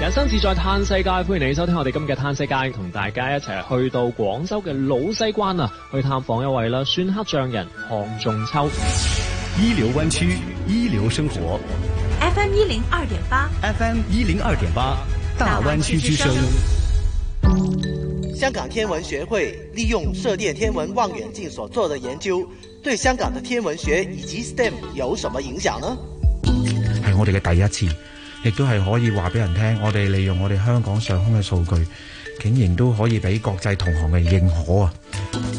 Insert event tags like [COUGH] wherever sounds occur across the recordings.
人生自在嘆世界，歡迎你收聽我哋今日嘅《嘆世界》，同大家一齊去到廣州嘅老西關啊，去探訪一位啦，孫黑匠人洪仲秋，醫療灣區，醫療生活。F M 一零二點八，F M 一零二點八，大灣區之聲。香港天文學會利用射電天文望遠鏡所做的研究，對香港的天文學以及 STEM 有什麼影響呢？係我哋嘅第一次。亦都係可以話俾人聽，我哋利用我哋香港上空嘅數據，竟然都可以俾國際同行嘅認可啊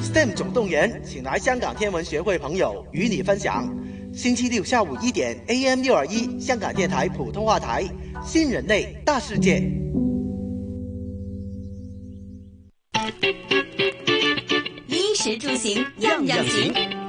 ！STEM 總動員，請來香港天文學會朋友與你分享。星期六下午一點，AM 六二一，AM621，香港電台普通話台，新人類大世界，衣食住行樣樣行。樣行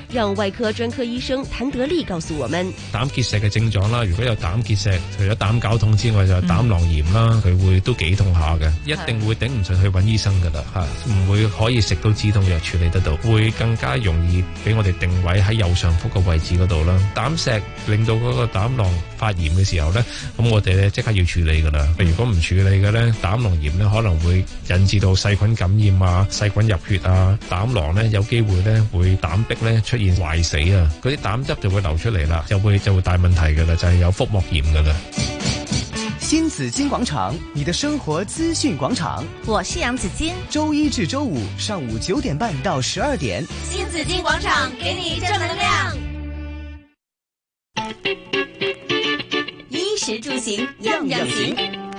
讓外科專科醫生譚德利告訴我們：膽結石嘅症狀啦，如果有膽結石，除咗膽絞痛之外，就膽囊炎啦，佢、嗯、會都幾痛下嘅，一定會頂唔順去揾醫生噶啦，吓、嗯、唔、啊、會可以食到止痛藥處理得到，會更加容易俾我哋定位喺右上腹個位置嗰度啦。膽石令到嗰個膽囊發炎嘅時候呢，咁我哋咧即刻要處理噶啦。如果唔處理嘅呢，膽囊炎呢可能會引致到細菌感染啊，細菌入血啊，膽囊呢，有機會呢會膽壁呢。出。壞死啊！嗰啲膽汁就會流出嚟啦，就會就會大問題噶啦，就係、是、有腹膜炎噶啦。新紫金廣場，你的生活資訊廣場，我是楊紫金。周一至周五上午九點半到十二點，新紫金廣場給你正能量。衣食住行樣樣行。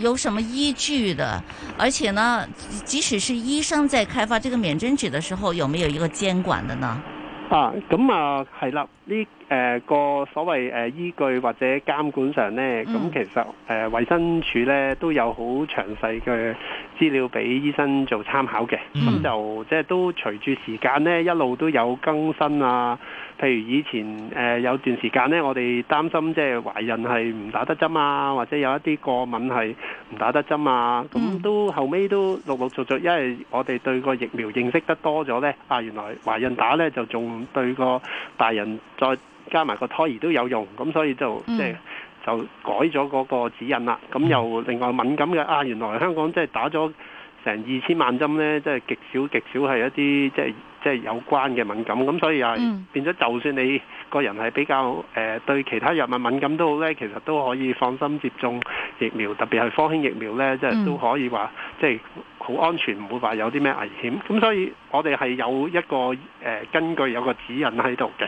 有什麼依據的？而且呢，即使是醫生在開發這個免針紙的時候，有沒有一個監管的呢？啊，咁、嗯嗯、啊係啦，呢、嗯、誒、嗯這個所謂誒、呃、依據或者監管上呢，咁其實誒、呃、衛生署呢都有好詳細嘅資料俾醫生做參考嘅，咁就即係都隨住時間呢，一路都有更新啊。譬如以前誒有段時間咧，我哋擔心即係懷孕係唔打得針啊，或者有一啲過敏係唔打得針啊。咁都後尾都陸陸續續，因為我哋對個疫苗認識得多咗咧，啊原來懷孕打咧就仲對個大人再加埋個胎兒都有用，咁所以就即係就改咗嗰個指引啦。咁又另外敏感嘅啊，原來香港即係打咗成二千萬針咧，即係極少極少係一啲即係。即、係有關嘅敏感，咁所以又變咗，就算你個人係比較誒對其他藥物敏感都好咧，其實都可以放心接種疫苗，特別係科興疫苗咧，即、係都可以話即係好安全，唔會話有啲咩危險。咁所以我哋係有一個誒根據，有個指引喺度嘅。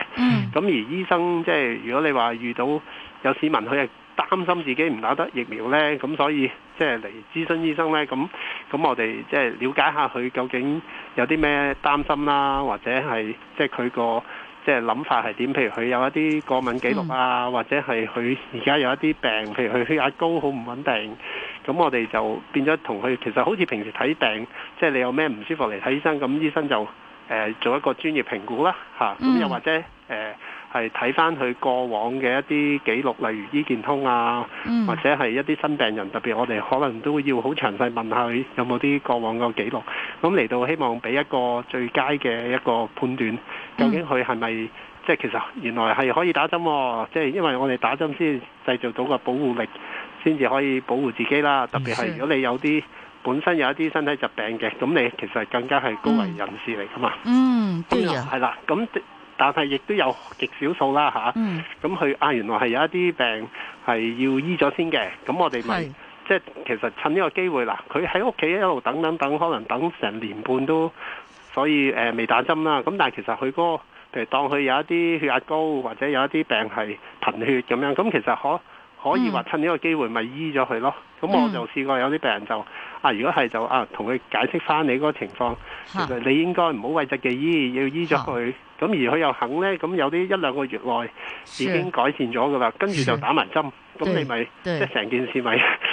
咁而醫生即係如果你話遇到有市民佢係，擔心自己唔打得疫苗呢，咁所以即係嚟諮詢醫生呢。咁咁我哋即係了解下佢究竟有啲咩擔心啦，或者係即係佢個即係諗法係點？譬如佢有一啲過敏記錄啊，或者係佢而家有一啲病，譬如佢血壓高好唔穩定，咁我哋就變咗同佢其實好似平時睇病，即係你有咩唔舒服嚟睇醫生，咁醫生就呃做一個專業評估啦，嚇咁又或者誒。呃係睇翻佢過往嘅一啲記錄，例如醫健通啊、嗯，或者係一啲新病人，特別我哋可能都要好詳細問下佢有冇啲過往嘅記錄，咁嚟到希望俾一個最佳嘅一個判斷，究竟佢係咪即係其實原來係可以打針喎、啊？即係因為我哋打針先製造到個保護力，先至可以保護自己啦。特別係如果你有啲、嗯、本身有一啲身體疾病嘅，咁你其實更加係高危人士嚟㗎嘛。嗯，嗯對係啦，咁。但係亦都有極少數啦嚇，咁、嗯、佢啊原來係有一啲病係要醫咗先嘅，咁我哋咪即係其實趁呢個機會啦，佢喺屋企一路等等等，可能等成年半都，所以、呃、未打針啦。咁但係其實佢、嗰個，譬如當佢有一啲血壓高，或者有一啲病係貧血咁樣，咁其實可。嗯、可以話趁呢個機會咪醫咗佢咯，咁我就試過有啲病人就、嗯、啊，如果係就啊，同佢解釋翻你嗰個情況、啊，你應該唔好諱疾忌醫，要醫咗佢，咁、啊、而佢又肯呢，咁有啲一兩個月內已經改善咗噶啦，跟住就打埋針，咁你咪即係成件事咪。 [LAUGHS]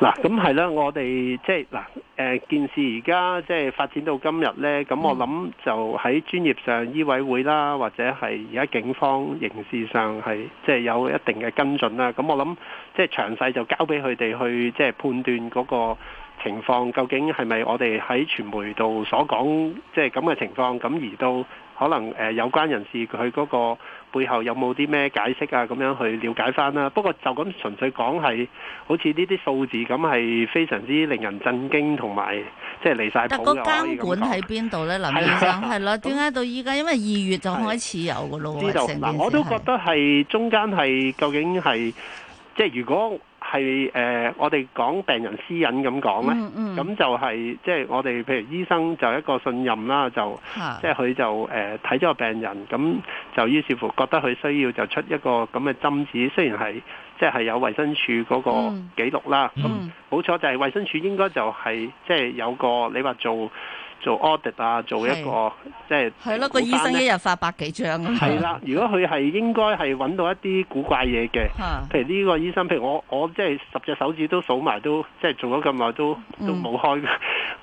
嗱，咁係啦，我哋即係嗱，誒、啊、件事而家即係發展到今日咧，咁我諗就喺專業上醫委會啦，或者係而家警方刑事上係即係有一定嘅跟進啦。咁我諗即係詳細就交俾佢哋去即係判斷嗰個情況究竟係咪我哋喺傳媒度所講即係咁嘅情況，咁而到。可能誒、呃、有關人士佢嗰個背後有冇啲咩解釋啊？咁樣去了解翻啦。不過就咁純粹講係，好似呢啲數字咁係非常之令人震驚，同埋即係離晒譜。但個監管喺邊度呢？林先生係咯，點解到依家？因為二月就開始有噶咯。啲就嗱，我都覺得係中間係究竟係即係如果。係誒、呃，我哋講病人私隱咁講咧，咁、嗯嗯、就係即係我哋譬如醫生就一個信任啦，就即係佢就誒睇咗個病人，咁就於是乎覺得佢需要就出一個咁嘅針紙，雖然係即係有衛生署嗰個記錄啦，咁冇錯就係衛生署應該就係即係有個你話做。做 audit 啊，做一個是即係係咯，個醫生一日發百幾張啊！係啦，如果佢係應該係揾到一啲古怪嘢嘅， [LAUGHS] 譬如呢個醫生，譬如我我即係十隻手指都數埋都，即係做咗咁耐都、嗯、都冇開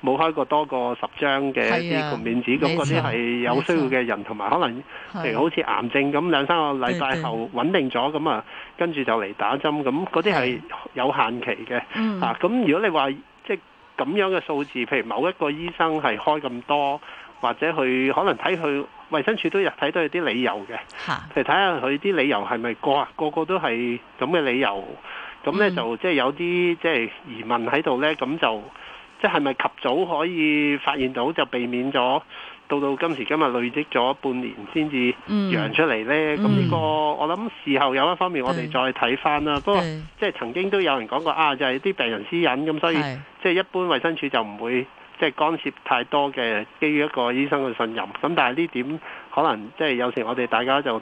冇開過多過十張嘅啲免針紙，咁嗰啲係有需要嘅人，同埋可能譬如好似癌症咁兩三個禮拜後穩定咗咁啊，跟住就嚟打針，咁嗰啲係有限期嘅、嗯、啊。咁如果你話，咁樣嘅數字，譬如某一個醫生係開咁多，或者佢可能睇佢衛生署都有睇到有啲理由嘅，嚟睇下佢啲理由係咪過啊？個個都係咁嘅理由，咁呢，就即係有啲即係疑問喺度呢。咁就即係係咪及早可以發現到就避免咗？到到今時今日累積咗半年先至揚出嚟呢。咁、嗯、呢個我諗事後有一方面我哋再睇返啦。不過、嗯、即係曾經都有人講過啊，就係、是、啲病人私隱，咁所以、嗯、即係一般衞生署就唔會即係干涉太多嘅，基於一個醫生嘅信任。咁但係呢點可能即係有時我哋大家就。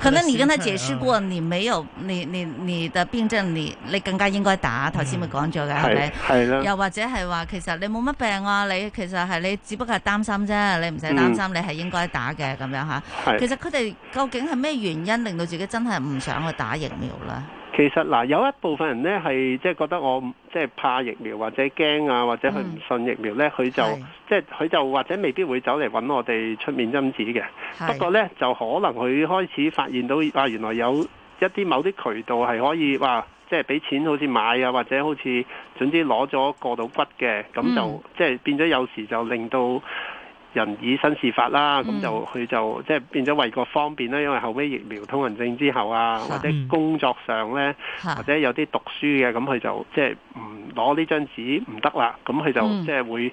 可能你跟他解釋過，你沒有你你你的病症，你你更加應該打。頭先咪講咗嘅係咪？係、嗯、咯。又或者係話，其實你冇乜病啊，你其實係你只不過係擔心啫，你唔使擔心，你係應該打嘅咁、嗯、樣吓、啊。其實佢哋究竟係咩原因令到自己真係唔想去打疫苗咧？其實嗱，有一部分人咧係即係覺得我即係怕疫苗或者驚啊，或者佢唔信疫苗咧，佢、嗯、就即係佢就或者未必會走嚟揾我哋出免針紙嘅。不過咧，就可能佢開始發現到啊，原來有一啲某啲渠道係可以話即係俾錢好似買啊，或者好似總之攞咗過到骨嘅，咁就、嗯、即係變咗有時就令到。人以身試法啦，咁就佢、嗯、就即係、就是、變咗為個方便啦。因為後尾疫苗通行證之後啊，或者工作上呢，或者有啲讀書嘅，咁佢就即係唔攞呢張紙唔得啦，咁佢就即係、嗯、會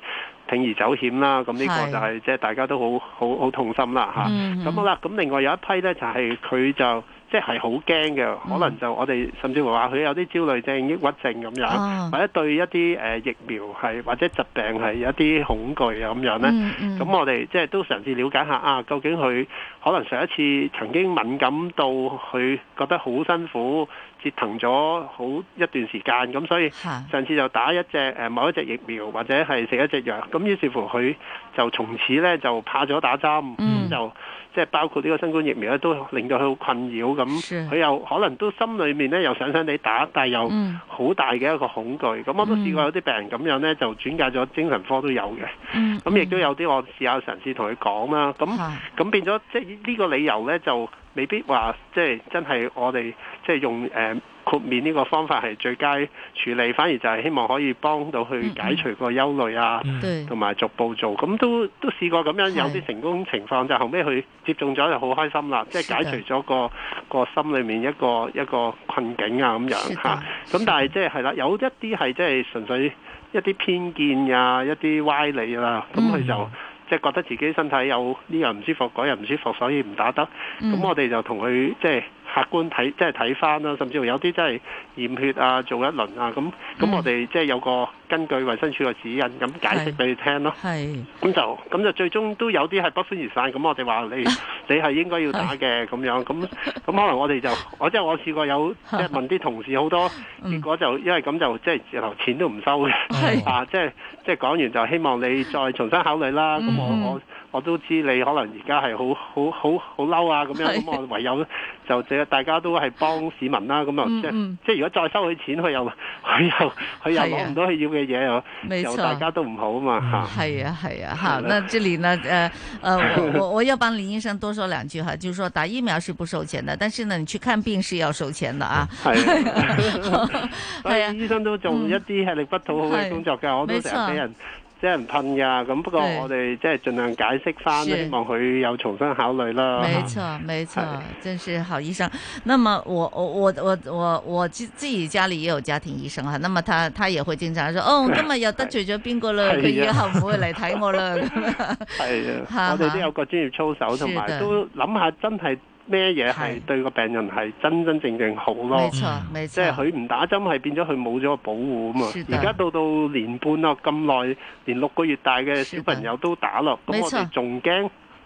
鋌而走險啦，咁呢個就係即係大家都好好好痛心啦嚇，咁、嗯、好啦，咁另外有一批呢，就係、是、佢就。即係好驚嘅，可能就我哋甚至乎話佢有啲焦慮症、抑鬱症咁樣，或者對一啲誒疫苗係或者疾病係有一啲恐懼啊咁樣呢。咁我哋即係都嘗試瞭解下啊，究竟佢可能上一次曾經敏感到佢覺得好辛苦，折騰咗好一段時間，咁所以上次就打一隻誒某一隻疫苗或者係食一隻藥，咁於是乎佢就從此呢就怕咗打針，咁就。即係包括呢個新冠疫苗咧，都令到佢好困擾咁，佢又可能都心裡面咧又想想地打，但係又好大嘅一個恐懼。咁我都試過有啲病人咁樣咧，就轉介咗精神科都有嘅。咁亦都有啲我試下嘗試同佢講啦。咁咁變咗，即係呢個理由咧，就未必話即係真係我哋即係用誒。呃豁免呢個方法係最佳處理，反而就係希望可以幫到佢解除個憂慮啊，同、嗯、埋逐步做，咁都都試過咁樣有啲成功情況，就是、後尾佢接種咗就好開心啦，即係解除咗個個心裏面一個一個困境啊咁樣嚇。咁、啊、但係即係係啦，有一啲係即係純粹一啲偏見啊，一啲歪理啦、啊，咁、嗯、佢就即係覺得自己身體有呢、這個、樣唔舒服，嗰樣唔舒服，所以唔打得。咁、嗯、我哋就同佢即係。就是客觀睇，即係睇翻啦，甚至乎有啲真係驗血啊，做一輪啊，咁咁我哋、嗯、即係有個根據衞生署個指引咁解釋俾你聽咯。咁就咁就最終都有啲係不歡而散，咁我哋話你你係應該要打嘅咁樣。咁咁可能我哋就 [LAUGHS] 我即係、就是、我試過有即係、就是、問啲同事好多、嗯，結果就因為咁就即係留錢都唔收啊，啊，即係即係講完就希望你再重新考慮啦，咁、嗯、我我。我我都知你可能而家係好好好好嬲啊咁樣，咁我唯有就，就大家都係幫市民啦、啊、咁、嗯、啊、嗯、即係即係如果再收佢錢，佢又佢又佢又攞唔到佢要嘅嘢，又大家都唔好嘛啊嘛嚇。係啊係啊嚇，那這裡呢誒誒我我，我要幫林醫生多說兩句嚇、啊，就是說打疫苗是不收錢的，但是呢你去看病是要收錢的啊。係啊，啲醫生都做一啲吃力不討好嘅工作㗎，我都成日俾人。 [LAUGHS] 是的 [LAUGHS] [LAUGHS] [LAUGHS] 即係唔噴噶，咁不過我哋即係盡量解釋翻，希望佢有重新考慮啦。冇錯，冇錯，真係好醫生。那麼我我我我我我自自己家裏也有家庭醫生哈，那麼他他也會經常說，哦，今日又得罪咗邊個啦，佢、啊、以後唔會嚟睇我啦。係啊， [LAUGHS] 是啊， [LAUGHS] 啊，我哋都有個專業操守，同埋都諗下真係。咩嘢係對個病人係真真正正好咯？即係佢唔打針係變咗佢冇咗個保護吖嘛。而家到到年半咯，咁耐連六個月大嘅小朋友都打咯。咁我哋仲驚？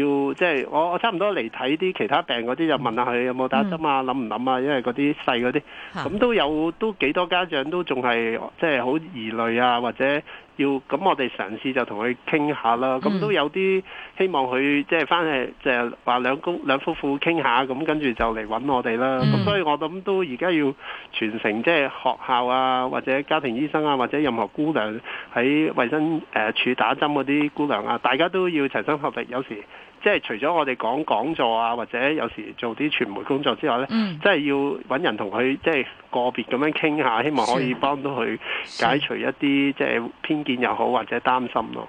要即係我我差唔多嚟睇啲其他病嗰啲，就問下佢有冇打針啊、諗唔諗啊，因為嗰啲細嗰啲，咁都有都幾多家長都仲係即係好疑慮啊，或者。要咁，我哋嘗試就同佢傾下啦。咁、mm. 都有啲希望佢即係翻去，即係話兩公兩夫婦傾下，咁跟住就嚟揾我哋啦。咁、mm. 所以我諗都而家要傳承，即係學校啊，或者家庭醫生啊，或者任何姑娘喺衛生、呃、處打針嗰啲姑娘啊，大家都要齊心合力，有時。即係除咗我哋講講座啊，或者有時做啲傳媒工作之外呢，嗯，即係要揾人同佢即係個別咁樣傾下，希望可以幫到佢解除一啲即係偏見又好或者擔心咯。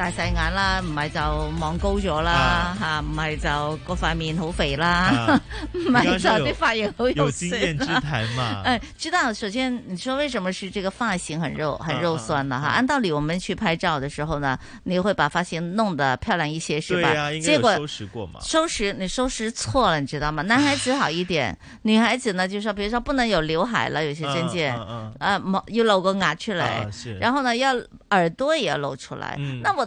大細眼啦，唔係就望高咗啦，嚇、啊、唔、啊、係就嗰塊面好肥啦，唔、啊、係就啲髮型好肉酸。嗯、哎，知道首先，你説為什麼是這個髮型很肉、啊、很肉酸呢？哈，按道理我們去拍照的時候呢，你會把髮型弄得漂亮一些，是吧？結果、啊、收拾過嘛，收拾你收拾錯了，你知道嗎？男孩子好一點， [LAUGHS] 女孩子呢，就是說，比如說不能有劉海了，有些證件，嗯啊，啊，啊要露個牙出來，啊、然後呢要耳朵也要露出來，嗯、那我。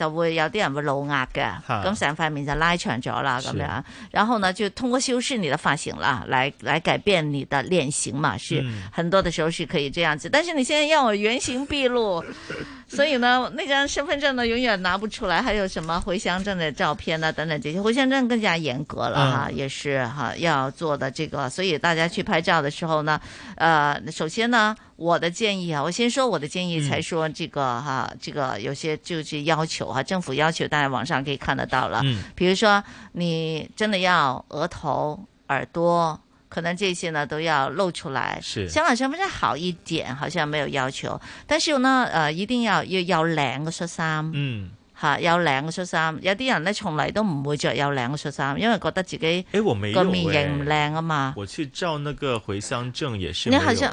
就會有啲人會露額嘅，咁成塊面就拉長咗啦咁樣。然後呢，就通過修飾你的髮型啦，來來改變你的臉型嘛，是、嗯、很多的時候是可以這樣子。但是你現在讓我原形畢露， [LAUGHS] 所以呢，那張身份證呢，永遠拿不出來。還有什麼回鄉證的照片呢、啊？等等這些回鄉證更加嚴格了哈，嗯、也是哈要做的這個。所以大家去拍照的時候呢，呃，首先呢，我的建議啊，我先說我的建議，才說這個哈，嗯、這個有些就是要求。政府要求，大家網上可以看得到了。嗯、比如說你真的要額頭、耳朵，可能這些呢都要露出來。是，香港相對好一點，好像沒有要求。但是呢，呃，一定要要有靚嘅恤衫。嗯，哈，要靚嘅恤衫。有啲人呢從來都唔會着有靚嘅恤衫，因為覺得自己的的、欸、我沒有個面型唔靚啊嘛。我去照那個回鄉證也是。你好像。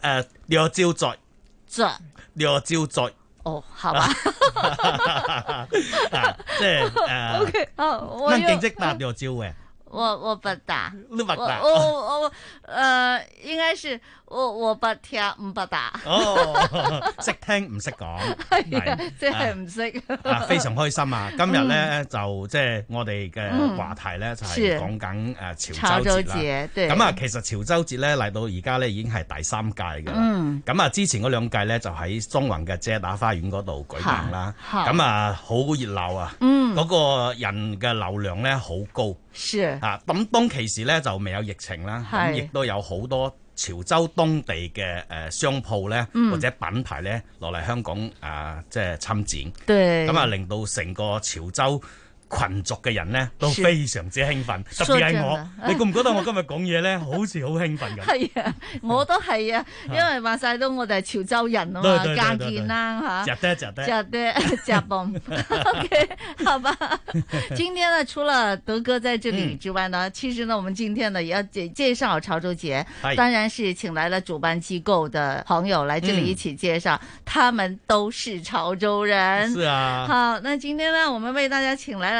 誒、呃，尿焦在在尿焦在哦，好吧， [LAUGHS] [LAUGHS] 啊、即係誒，OK，我有。我唔打，我我不打，我我我，誒、呃，應該是。我我不聽唔不打， [LAUGHS] 哦，識聽唔識講，係即係唔識。啊，非常開心啊！今日咧、嗯、就即係我哋嘅話題咧、嗯、就係、是、講緊誒潮州節啦。咁啊，其實潮州節咧嚟到而家咧已經係第三屆㗎啦。咁、嗯、啊，之前嗰兩屆咧就喺中環嘅遮打花園嗰度舉行啦。咁啊，好熱鬧啊！嗰、嗯那個人嘅流量咧好高。啊，咁當其時咧就未有疫情啦，咁亦都有好多。潮州當地嘅誒商鋪咧，或者品牌咧，落嚟香港啊，即係參展，對，咁啊令到成個潮州。群族嘅人呢都非常之興奮，特別係我，你覺唔覺得我今日講嘢咧好似好興奮咁？係啊，我都係啊，因為話晒都我哋係潮州人啊嘛，間見啦嚇，夾得夾得，夾得夾蹦，OK，係好嘛吧？ [LAUGHS] 今天呢，除了德哥在這裡之外呢、嗯，其實呢，我們今天呢也要介介紹潮州節，當然係請來了主辦機構的朋友來這裡一起介紹、嗯，他們都是潮州人。是啊，好，那今天呢，我們為大家請來了。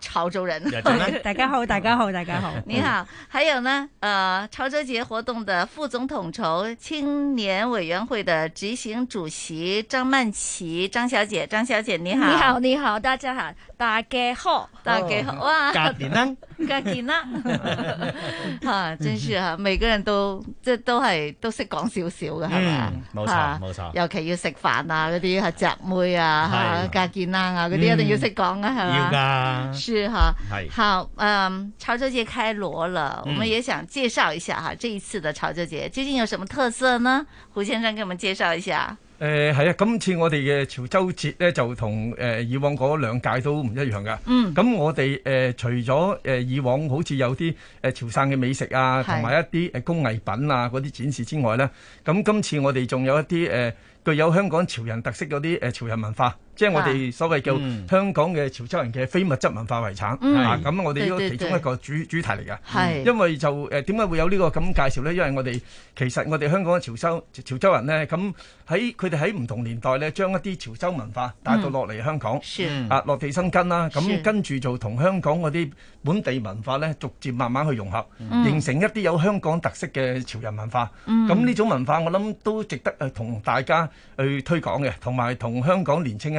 潮州人， [LAUGHS] 大家好，大家好，大家好， [LAUGHS] 你好。還有呢，誒、呃，潮州節活動的副總統籌、青年委員會的執行主席張曼琪張小姐，張小姐你好，你好，你好，大家好，大家好，大家好，哇，隔年啦，隔年啦，真是啊，每個人都即都係都識講少少嘅係咪？冇、嗯、錯冇、啊、錯，尤其要食飯啊嗰啲係侄妹啊，係隔年啊嗰啲一定要識講啊係嘛。是哈，係好，好，嗯，潮州節開鑼了，我們也想介紹一下哈、嗯，這一次的潮州節究竟有什麼特色呢？胡先生給我們介紹一下。誒、呃，係啊，今次我哋嘅潮州節咧就同誒、呃、以往嗰兩屆都唔一樣噶。嗯，咁、嗯嗯、我哋誒、呃、除咗誒、呃、以往好似有啲誒、呃、潮汕嘅美食啊，同埋一啲誒工藝品啊嗰啲展示之外咧，咁、嗯、今次我哋仲有一啲誒、呃、具有香港潮人特色嗰啲誒潮人文化。即係我哋所謂叫香港嘅潮州人嘅非物質文化遺產，啊咁我哋呢個其中一個主主題嚟㗎。係因為就誒點解會有呢個咁介紹咧？因為我哋其實我哋香港嘅潮州潮州人咧，咁喺佢哋喺唔同年代咧，將一啲潮州文化帶到落嚟香港，啊落地生根啦，咁跟住就同香港嗰啲本地文化咧，逐漸慢慢去融合，形成一啲有香港特色嘅潮人文化。咁呢種文化我諗都值得誒同大家去推廣嘅，同埋同香港年青一。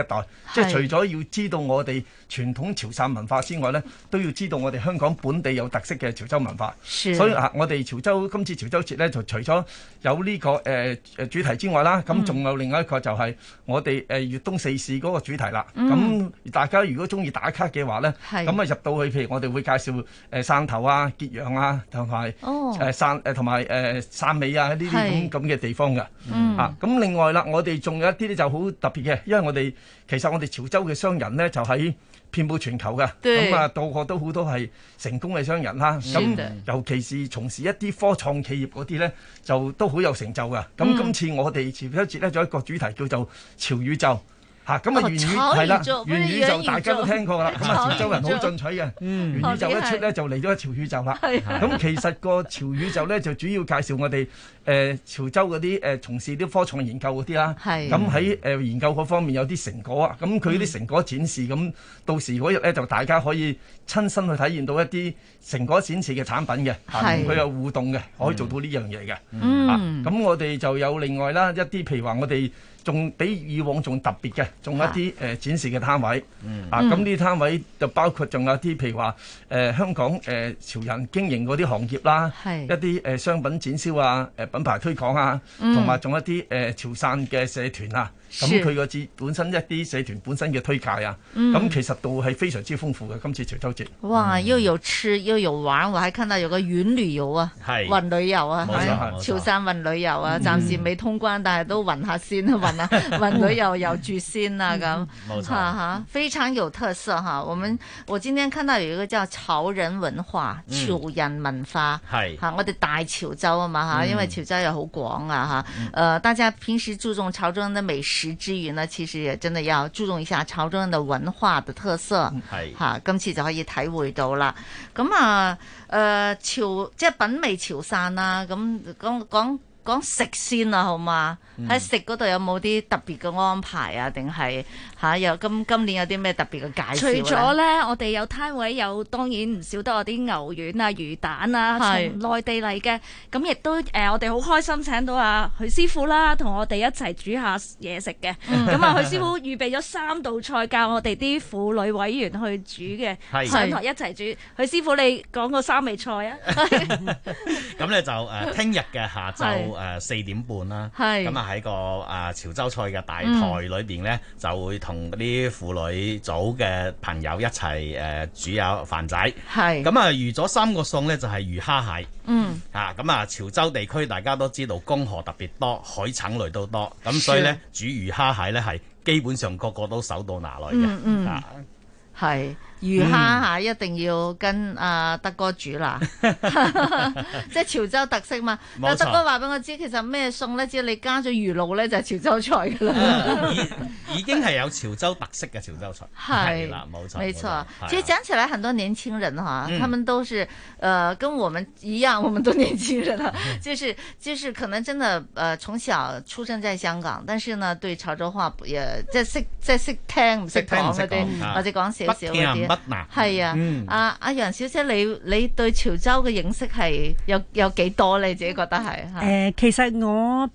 即係除咗要知道我哋傳統潮汕文化之外呢都要知道我哋香港本地有特色嘅潮州文化。所以啊，我哋潮州今次潮州節呢，就除咗有呢、呢個誒誒、呃、主題之外啦，咁仲有另外一個就係我哋誒粵東四市嗰個主題啦。咁、嗯、大家如果中意打卡嘅話呢，咁啊入到去，譬如我哋會介紹誒汕、呃、頭啊、揭陽啊，同埋誒汕誒同埋誒汕尾啊呢啲咁咁嘅地方㗎。啊，咁、呃啊嗯啊、另外啦，我哋仲有一啲呢就好特別嘅，因為我哋。其實我哋潮州嘅商人呢，就喺、是、遍佈全球嘅，咁啊，個個都好多係成功嘅商人啦。咁、mm -hmm. 尤其是從事一啲科創企業嗰啲呢，就都好有成就嘅。咁今次我哋潮州節呢，仲有一個主題叫做潮宇宙。嚇咁啊！元宇宙係啦，元宇宙大家都聽過啦。嚇潮州人好進取嘅，元、嗯、宇宙一出咧就嚟咗一潮宇宙啦。咁其實個潮宇宙咧就主要介紹我哋誒、呃、潮州嗰啲誒從事啲科創研究嗰啲啦。係咁喺誒研究嗰方面有啲成果啊。咁佢啲成果展示，咁、嗯、到時嗰日咧就大家可以親身去體驗到一啲成果展示嘅產品嘅。同佢、啊、有互動嘅、嗯，可以做到呢樣嘢嘅。咁、嗯啊、我哋就有另外啦一啲，譬如話我哋。仲比以往仲特別嘅，仲有一啲誒展示嘅攤位啊。咁、嗯、啲、啊、攤位就包括仲有啲，譬如話誒、呃、香港誒、呃、潮人經營嗰啲行業啦，一啲誒商品展銷啊、誒品牌推廣啊，同埋仲有一啲誒、呃、潮汕嘅社團啊。咁佢個節本身一啲社團本身嘅推介啊，咁、嗯、其實都係非常之豐富嘅今次潮州節。哇，又有吃又有玩，我還看到有個遠旅遊啊，雲旅遊啊，哎、潮汕雲旅遊啊，嗯、暫時未通關，但係都雲下先，啊，雲啊雲旅遊遊住先啊咁。冇錯，嚇、啊、非常有特色嚇、啊。我們我今天看到有一個叫潮人文化、潮人文化，係、嗯、嚇、啊、我哋大潮州嘛啊嘛嚇、嗯，因為潮州又好廣啊嚇。誒、啊呃，大家平時注重潮州啲美食。時之餘呢，其實也真的要注重一下潮州人的文化的特色。係、嗯，吓，今次就可以體會到啦。咁啊，誒，潮即係品味潮汕啊，咁講講。講食先啦，好嘛？喺食嗰度有冇啲特別嘅安排啊？定係吓，有今今年有啲咩特別嘅介紹？除咗呢，我哋有攤位有，當然唔少得我啲牛丸啊、魚蛋啊，從內地嚟嘅。咁亦都誒、呃，我哋好開心請到阿、啊、許師傅啦，同我哋一齊煮一下嘢食嘅。咁、嗯、啊，嗯、許師傅預備咗三道菜，教我哋啲婦女委員去煮嘅，上台一齊煮。許師傅，你講個三味菜啊？咁 [LAUGHS] 咧 [LAUGHS] 就誒，聽日嘅下晝。誒四點半啦、啊，咁啊喺個誒、呃、潮州菜嘅大台裏邊呢，嗯呃啊、呢，就會同啲婦女組嘅朋友一齊誒煮下飯仔。係咁啊，預咗三個餸呢，就係魚蝦蟹。嗯，嚇、啊、咁啊，潮州地區大家都知道江河特別多，海產類都多，咁所以呢，煮魚蝦蟹呢，係基本上個個都手到拿來嘅。嗯嗯，係、啊。魚蝦嚇，一定要跟阿德哥煮啦，即、嗯、係 [LAUGHS] 潮州特色嘛。阿德哥話俾我知，其實咩餸咧，只、就、要、是、你加咗魚露咧，就係潮州菜噶啦、嗯。已經係有潮州特色嘅潮州菜。係啦，冇錯，冇錯。其實講起嚟，很多年輕人哈、嗯，他們都是，誒、呃，跟我們一樣，我們都年輕人啦、嗯。就是，就是可能真的，誒，從小出生在香港，但是呢，對潮州話，也即係識，即係識聽唔識講啲，或者講少少啲。不難。係啊，阿、嗯、楊、啊、小姐，你你對潮州嘅認識係有有幾多，你自己覺得係吓？誒、啊呃，其實我。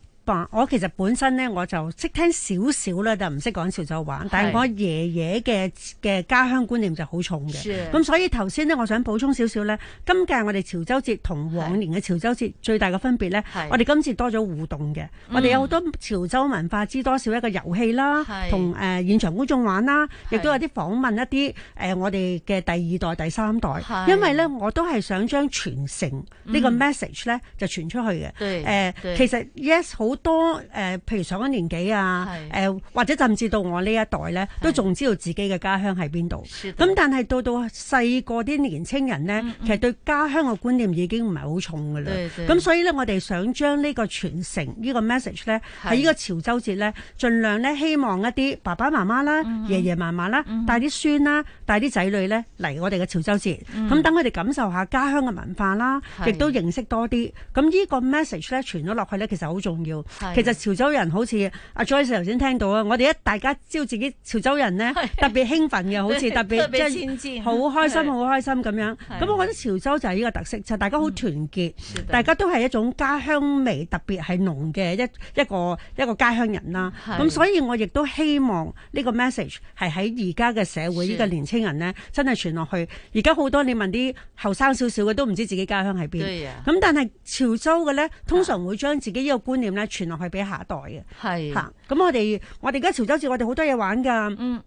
我其實本身咧，我就識聽少少咧，就唔識講潮州話。但係我爺爺嘅嘅家鄉觀念就好重嘅。咁所以頭先呢，我想補充少少呢：今屆我哋潮州節同往年嘅潮州節最大嘅分別呢，我哋今次多咗互動嘅，我哋有好多潮州文化之多少知多少一個遊戲啦，同誒、呃、現場觀眾玩啦，亦都有啲訪問一啲、呃、我哋嘅第二代、第三代。因為呢，我都係想將傳承個呢個 message 呢，就傳出去嘅、呃。其實 yes 好。好多誒、呃、譬如上一年紀啊，誒、呃、或者甚至到我呢一代咧，都仲知道自己嘅家鄉喺邊度。咁、嗯、但係到到細個啲年青人咧、嗯嗯，其實對家鄉嘅觀念已經唔係好重噶啦。咁、嗯、所以咧，我哋想將呢個傳承呢個 message 咧，喺呢個潮州節咧，盡量咧希望一啲爸爸媽媽啦、爺爺嫲嫲啦，帶啲孫啦、帶啲仔女咧嚟我哋嘅潮州節。咁等佢哋感受下家鄉嘅文化啦，亦都認識多啲。咁、嗯這個、呢個 message 咧傳咗落去咧，其實好重要。.其實潮州人好似阿、啊、Joyce 頭先聽到啊，我哋一大家知道自己潮州人呢，特別興奮嘅，好似特別好、即係、開心，好開心咁樣。咁我覺得潮州就係呢個特色，就係、大家好團結，大家都係一種家鄉味特別係濃嘅一一個一個，一個家鄉人啦。咁所以我亦都希望呢個 message 係喺而家嘅社會，呢、呢個年青人呢，真係傳落去。而家好多你問啲後生少少嘅都唔知自己家鄉喺邊。咁但係潮州嘅呢，通常會將自己呢個觀念呢。傳落去俾下一代嘅，吓，咁我哋我哋而家潮州節，我哋好多嘢玩噶，咁、嗯、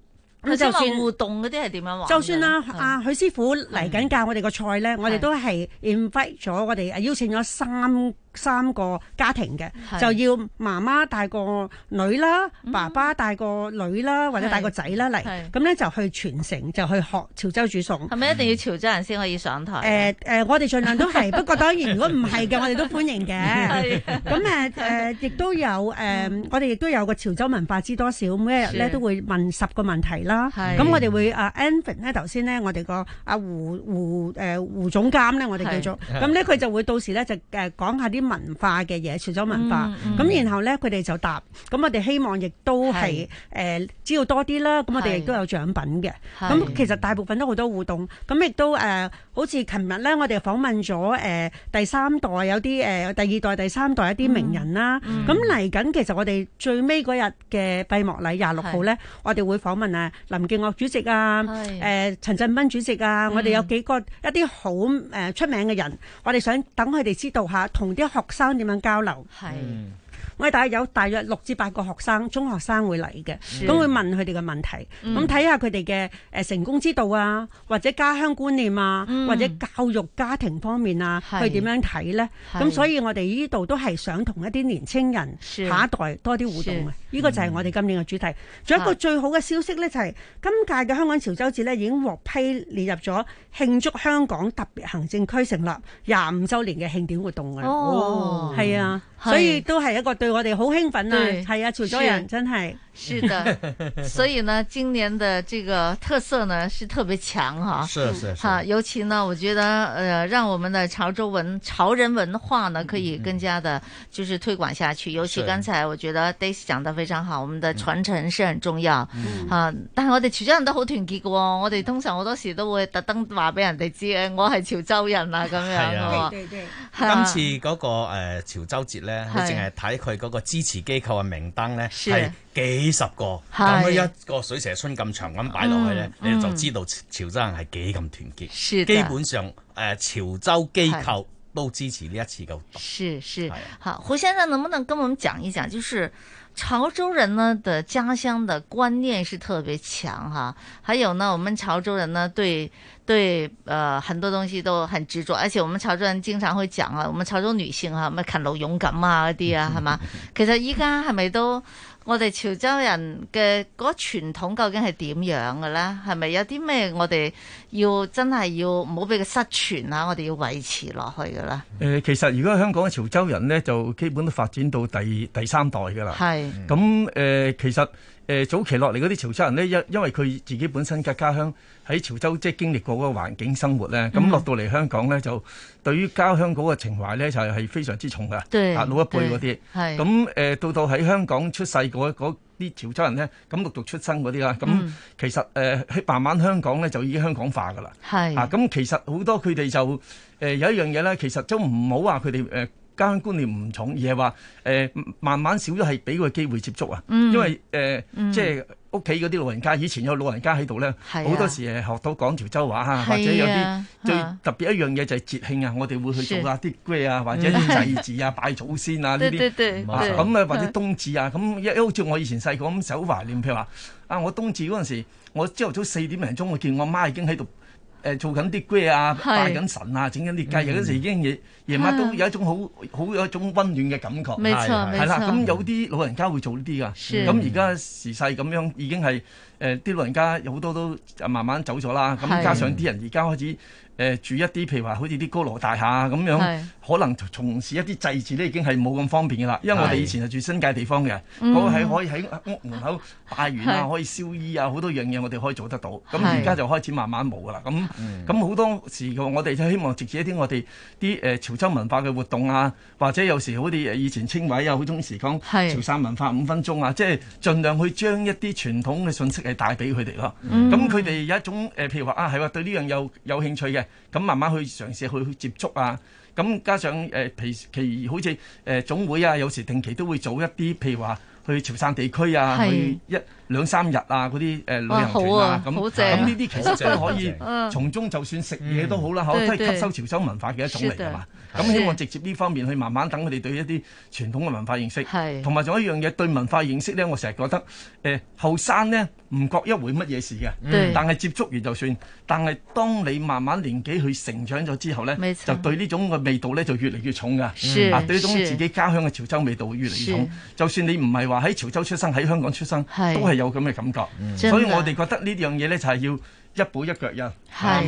就算互動嗰啲係點樣玩？就算啦，阿許、啊、師傅嚟緊教我哋個菜咧，我哋都係 invite 咗我哋邀請咗三。三個家庭嘅就要媽媽帶個女啦，嗯，爸爸帶個女啦，或者帶個仔啦嚟，咁咧就去全城就去學潮州煮餸。係咪一定要潮州人先可以上台？ [LAUGHS] 呃呃，我哋儘量都係， [LAUGHS] 不過當然如果唔係嘅，我哋都歡迎嘅。咁誒亦都有、呃、我哋亦都有個潮州文化知多少，每日咧都會問十個問題啦。咁我哋會啊 Anvin 咧，頭先咧我哋個阿、啊、胡胡、呃、胡總監咧，我哋叫做，咁咧佢就會到時咧就誒講下啲。文化嘅嘢，除咗文化，咁、嗯嗯、然後咧，佢哋就答。咁我哋希望亦都係，誒、呃，知道多啲啦。咁我哋亦都有獎品嘅。咁其實大部分都好多互動，咁亦都誒。呃好似琴日咧，我哋訪問咗、呃、第三代有啲、呃、第二代第三代一啲名人啦。咁嚟緊，其實我哋最尾嗰日嘅閉幕禮廿六號咧，我哋會訪問啊林建岳主席啊，誒、呃、陳振彬主席啊，嗯、我哋有幾個一啲好、呃、出名嘅人，我哋想等佢哋知道下同啲學生點樣交流。喂，大約有大約六至八個學生，中學生會嚟嘅，咁會問佢哋嘅問題，咁睇下佢哋嘅成功之道啊，或者家鄉觀念啊，嗯、或者教育家庭方面啊，佢點樣睇呢？咁所以我哋呢度都係想同一啲年青人下一代多啲互動嘅、啊，依、這個就係我哋今年嘅主題。仲有一個最好嘅消息呢，就係、是、今屆嘅香港潮州節已經獲批列入咗慶祝香港特別行政區成立廿五週年嘅慶典活動嘅、啊，哦，哦啊。是，所以都係一個對我哋好興奮啊！係啊，潮州人真係。 [LAUGHS] 是的，所以呢，今年的這個特色呢是特別強哈、啊，是、啊、是哈、啊啊，尤其呢，我覺得，呃，讓我們的潮州文潮人文化呢可以更加的，就是推廣下去。尤其剛才我覺得 Daisy 講得非常好，我們的傳承是很重要，嗯啊，啊但係我哋潮州人都好團結嘅，我哋通常好多時都會特登話俾人哋知，我係潮州人啊咁樣，啊樣對對對。今、啊、次嗰個誒潮州節咧、啊，你淨係睇佢嗰個支持機構嘅名單咧係。是是幾十個咁樣一個水蛇春咁長咁擺落去呢、嗯，你就知道潮州人係幾咁團結。是基本上誒、呃、潮州機構都支持呢一次嘅活動。是是，是，是，好胡先生，能不能跟我們講一講，就是潮州人呢的家鄉的觀念是特別強哈。還有呢，我們潮州人呢，對對，呃很多東西都很執著，而且我們潮州人經常會講啊，我們潮州女性吓咪勤勞勇敢啊嗰啲啊，係 [LAUGHS] 嘛？其實依家係咪都？我哋潮州人嘅嗰個傳統究竟係點樣嘅咧？係咪有啲咩我哋要真係要唔好俾佢失傳啊？我哋要維持落去嘅咧。誒，其實如果香港嘅潮州人咧，就基本都發展到第第三代㗎啦。係，咁誒、呃，其實。呃、早期落嚟嗰啲潮州人咧，因因為佢自己本身嘅家鄉喺潮州，即係經歷過嗰個環境生活咧，咁落到嚟香港咧、嗯，就對於家鄉嗰個情懷咧就係、係、非常之重噶。對，啊老一輩嗰啲，係咁、呃、到到喺香港出世嗰啲潮州人咧，咁陸續出生嗰啲啦，咁其實喺、呃、慢慢香港咧就已經香港化噶啦。係啊，咁其實好多佢哋就、呃、有一樣嘢咧，其實都唔好話佢哋家觀念唔重，而係話誒慢慢少咗係俾個機會接觸啊、嗯，因為誒、呃嗯、即係屋企嗰啲老人家以前有老人家喺度咧，好、啊、多時係學到講潮州話嚇、啊，或者有啲最特別一樣嘢就係節慶啊，我哋會去做下啲祭啊，或者啲祭祀啊、 [LAUGHS] 拜祖先啊呢啲咁啊，啊或者冬至啊，咁 [LAUGHS] 好似我以前細個咁手好懷念，譬如話啊，我冬至嗰陣時，時，我朝頭早四點零鐘我見我媽已經喺度。誒、呃、做緊啲祭啊，拜緊神啊，整緊啲雞、嗯，有陣時已經夜夜晚都有一種好、啊、好有一種溫暖嘅感覺，冇錯，係啦。咁有啲老人家會做呢啲㗎，咁而家時勢咁樣已經係誒啲老人家有好多都慢慢走咗啦，咁加上啲人而家開始。誒、呃、住一啲，譬如話好似啲高樓大廈咁樣，可能從事一啲祭祀咧已經係冇咁方便噶啦。因為我哋以前係住新界地方嘅，我係、那個、可以喺屋門口拜完啊，可以燒衣啊，好多樣嘢我哋可以做得到。咁而家就開始慢慢冇啦。咁咁好多時我哋就希望直接一啲我哋啲潮州文化嘅活動啊，或者有時好似以前清委啊，好中意講潮汕文化五分鐘啊，即係、就是、盡量去將一啲傳統嘅信息係帶俾佢哋咯。咁佢哋有一種譬如話啊，啊，對呢樣有有興趣嘅。咁慢慢去嘗試去接觸啊，咁加上、呃、其其好似誒、呃、總會啊，有時定期都會做一啲，譬如話去潮汕地區啊，去一兩三日啊，嗰啲誒旅行團啊，咁好正啊，咁呢啲其實就可以，從中就算食嘢都好啦，嚇、 [LAUGHS] 嗯，都係吸收潮州文化嘅一種嚟㗎嘛。咁希望直接呢方面去慢慢等佢哋對一啲傳統嘅文化認識，同埋仲有一樣嘢對文化認識咧，我成日覺得誒，後生咧唔覺得一回乜嘢事嘅，但係接觸完就算。但係當你慢慢年紀去成長咗之後咧，就對呢種嘅味道咧就越嚟越重噶、啊，對呢種自己家鄉嘅潮州味道越嚟越重。就算你唔係話喺潮州出生，喺香港出生，是都係有咁嘅感覺、嗯，所以我哋覺得這東西呢樣嘢咧就係、是、要一步一腳印，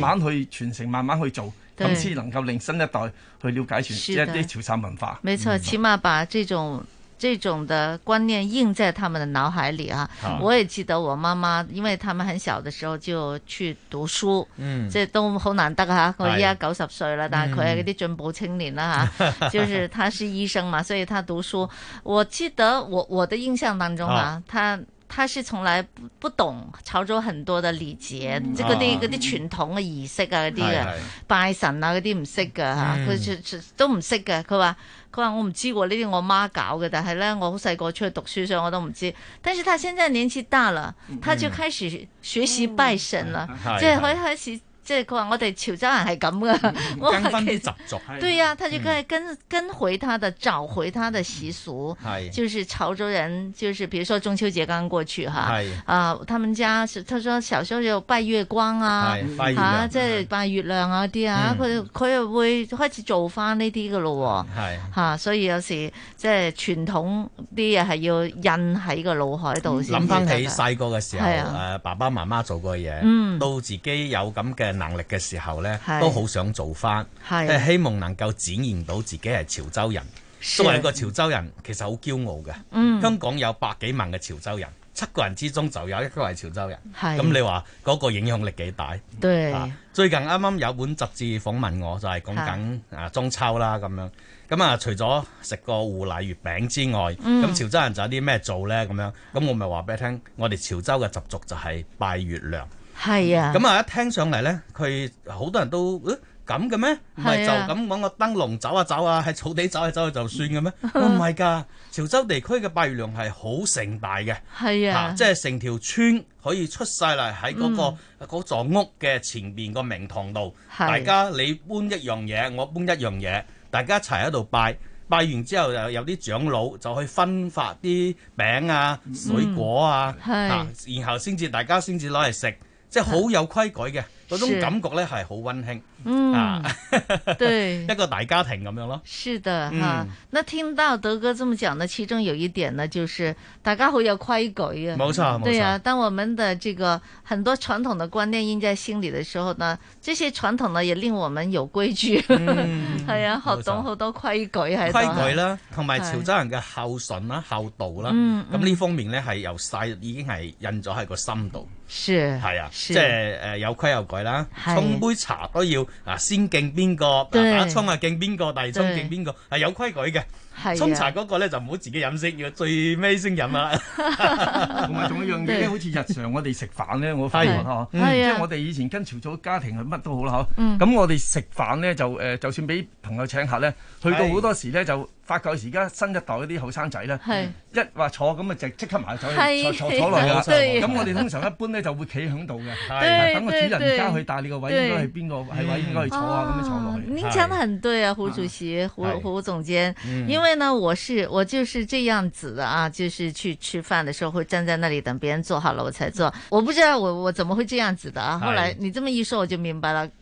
慢慢去傳承，慢慢去做。咁先能夠令新一代去了解全一啲潮汕文化。沒錯、嗯、起碼把這種這種的觀念印在他們的腦海裏啊！啊我也記得我媽媽因為他們很小的時候就去讀書嗯，即係都好難得啊！我依家九十歲啦，但係佢係啲進步青年啦，哈、嗯，就是他是醫生嘛，所以他讀書 [LAUGHS] 我記得我我的印象當中啊，他、啊。他是從來不不懂潮州很多的禮節、嗯，即嗰啲嗰啲傳統嘅儀式啊那些，嗰、嗯、啲拜神啊嗰啲唔識噶，佢、嗯、都唔識嘅。佢話佢話我唔知喎，呢啲我媽搞嘅，但係咧我好細個出去讀書，所以我都唔知。但是他現在年紀大啦、嗯，他就開始學習拜神啦，即、嗯、係、嗯、佢開始。即係佢話我哋潮州人係咁噶，跟翻啲習俗。對啊，他就梗係跟跟、嗯、跟回他的找回他的習俗，係、嗯，就是潮州人，就是，比如說中秋節剛過去哈，係，啊，他們家，他說小時候要拜月光啊，啊，即係拜月亮啊啲啊，佢佢又會開始做翻呢啲噶咯，係，吓、啊，所以有時即係傳統啲嘢係要印喺個腦海度先、嗯。諗翻起細個嘅時候，誒、啊啊，爸爸媽媽做過嘢、嗯，到自己有咁嘅。能力嘅時候呢，都好想做翻，誒，希望能夠展現到自己係潮州人，作都為一個潮州人，其實好驕傲嘅、嗯。香港有百幾萬嘅潮州人，七個人之中就有一個係潮州人，咁、嗯、你話嗰個影響力幾大？對，最近啱啱有本雜誌訪問我，就係、是、講緊誒中秋啦咁樣。咁啊，除咗食個芋奶月餅之外，咁、嗯、潮州人就有啲咩做呢？咁樣？咁我咪話俾你聽，我哋潮州嘅習俗就係拜月亮。係啊，咁啊一聽上嚟咧，佢好多人都，咁嘅咩？唔係就咁搵個燈籠走下、啊、走下、啊，喺草地走下、啊、走去就算嘅咩？唔係噶，潮州地區嘅拜月娘係好盛大嘅，係啊，即係成條村可以出晒嚟喺嗰個嗰、嗯、座屋嘅前邊個明堂度，大家你搬一樣嘢，我搬一樣嘢，大家一齊喺度拜，拜完之後就有啲長老就去分發啲餅啊、水果啊，吓、嗯啊，然後先至大家先至攞嚟食。即係好有規矩嘅。嗰種感覺呢係好溫馨，嗯，啊， [LAUGHS] 對，一個大家庭咁樣咯。是的，哈、嗯啊。那聽到德哥咁樣講呢，其中有一點呢，就是大家好有規矩。冇錯，冇錯。對啊，當我們的這個很多傳統的觀念印在心裡的時候呢，這些傳統呢也令我們有規矩。係、嗯、啊，學 [LAUGHS] 懂、哎、好多，很多規矩係。規矩啦，同埋潮州人嘅孝順啦、孝道啦，咁、嗯、呢、嗯、方面呢，係由細已經係印咗喺個心度。是。係啊，是即係誒有規有矩。係啦，沖杯茶都要啊，先敬邊個，第一沖啊敬邊個，第二沖敬邊個，係有規矩嘅。沖茶嗰個咧就唔好自己飲食，要最尾先飲啦。同埋仲有一樣嘢，好似日常我哋食飯咧，我發覺嗬、嗯啊，即係我哋以前跟潮州家庭係乜都好啦咁、啊、我哋食飯咧就誒，就算俾朋友請客咧，去到好多時咧就。發覺而家新一代嗰啲後生仔咧，一話坐咁咪就即刻埋走，坐坐坐落去。咁我哋通常一般咧就會企喺度嘅，等個主人家去帶你個位，應該係邊個喺位應該去坐、嗯、啊？咁樣坐落嚟。您講得很對啊，胡主席、啊、胡胡總監。因為呢，我是我就是這樣子的啊，就是去吃飯的時候會站在那裡等別人坐好了我才坐。我不知道我我怎麼會這樣子的啊？後來你這麼一說我就明白了。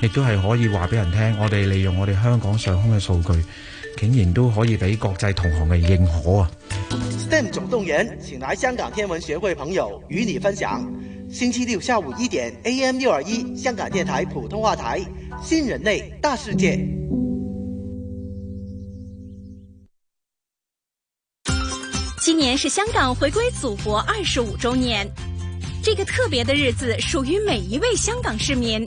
亦都係可以話俾人聽，我哋利用我哋香港上空嘅數據，竟然都可以俾國際同行嘅認可啊。STEM 總動員，請來香港天文學會朋友與你分享。星期六下午一點，AM 六二一，AM621, 香港電台普通話台，新人類大世界。今年是香港回歸祖國二十五周年，這個特別的日子屬於每一位香港市民。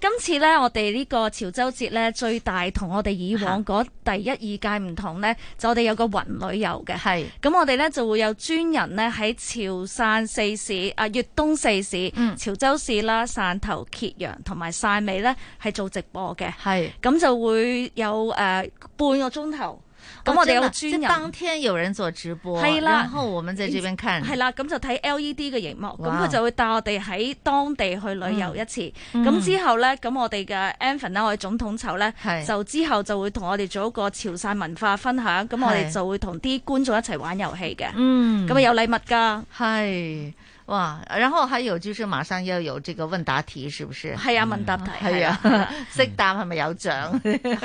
今次咧，我哋呢個潮州節咧，最大同我哋以往嗰第一二屆唔同咧，就我哋有個雲旅遊嘅，係，咁我哋咧就會有專人咧喺潮汕四市啊、粵東四市、嗯、潮州市啦、汕頭、揭陽同埋汕尾咧係做直播嘅，係，咁就會有誒、呃、半個鐘頭。咁、哦、我哋有專人，即當天有人做直播，係啦，然後我們在這邊看，係啦，咁就睇 LED 嘅熒幕，咁佢就會帶我哋喺當地去旅遊一次。咁、嗯嗯、之後咧，咁我哋嘅 Anson 我哋總統籌咧、嗯，就之後就會同我哋做一個潮汕文化分享。咁我哋就會同啲觀眾一齊玩遊戲嘅，嗯，咁啊有禮物噶，係、嗯。嗯哇，然後還有就是馬上要有這個問答題，是不是？係啊，問答題係、嗯、啊，識答係咪有獎？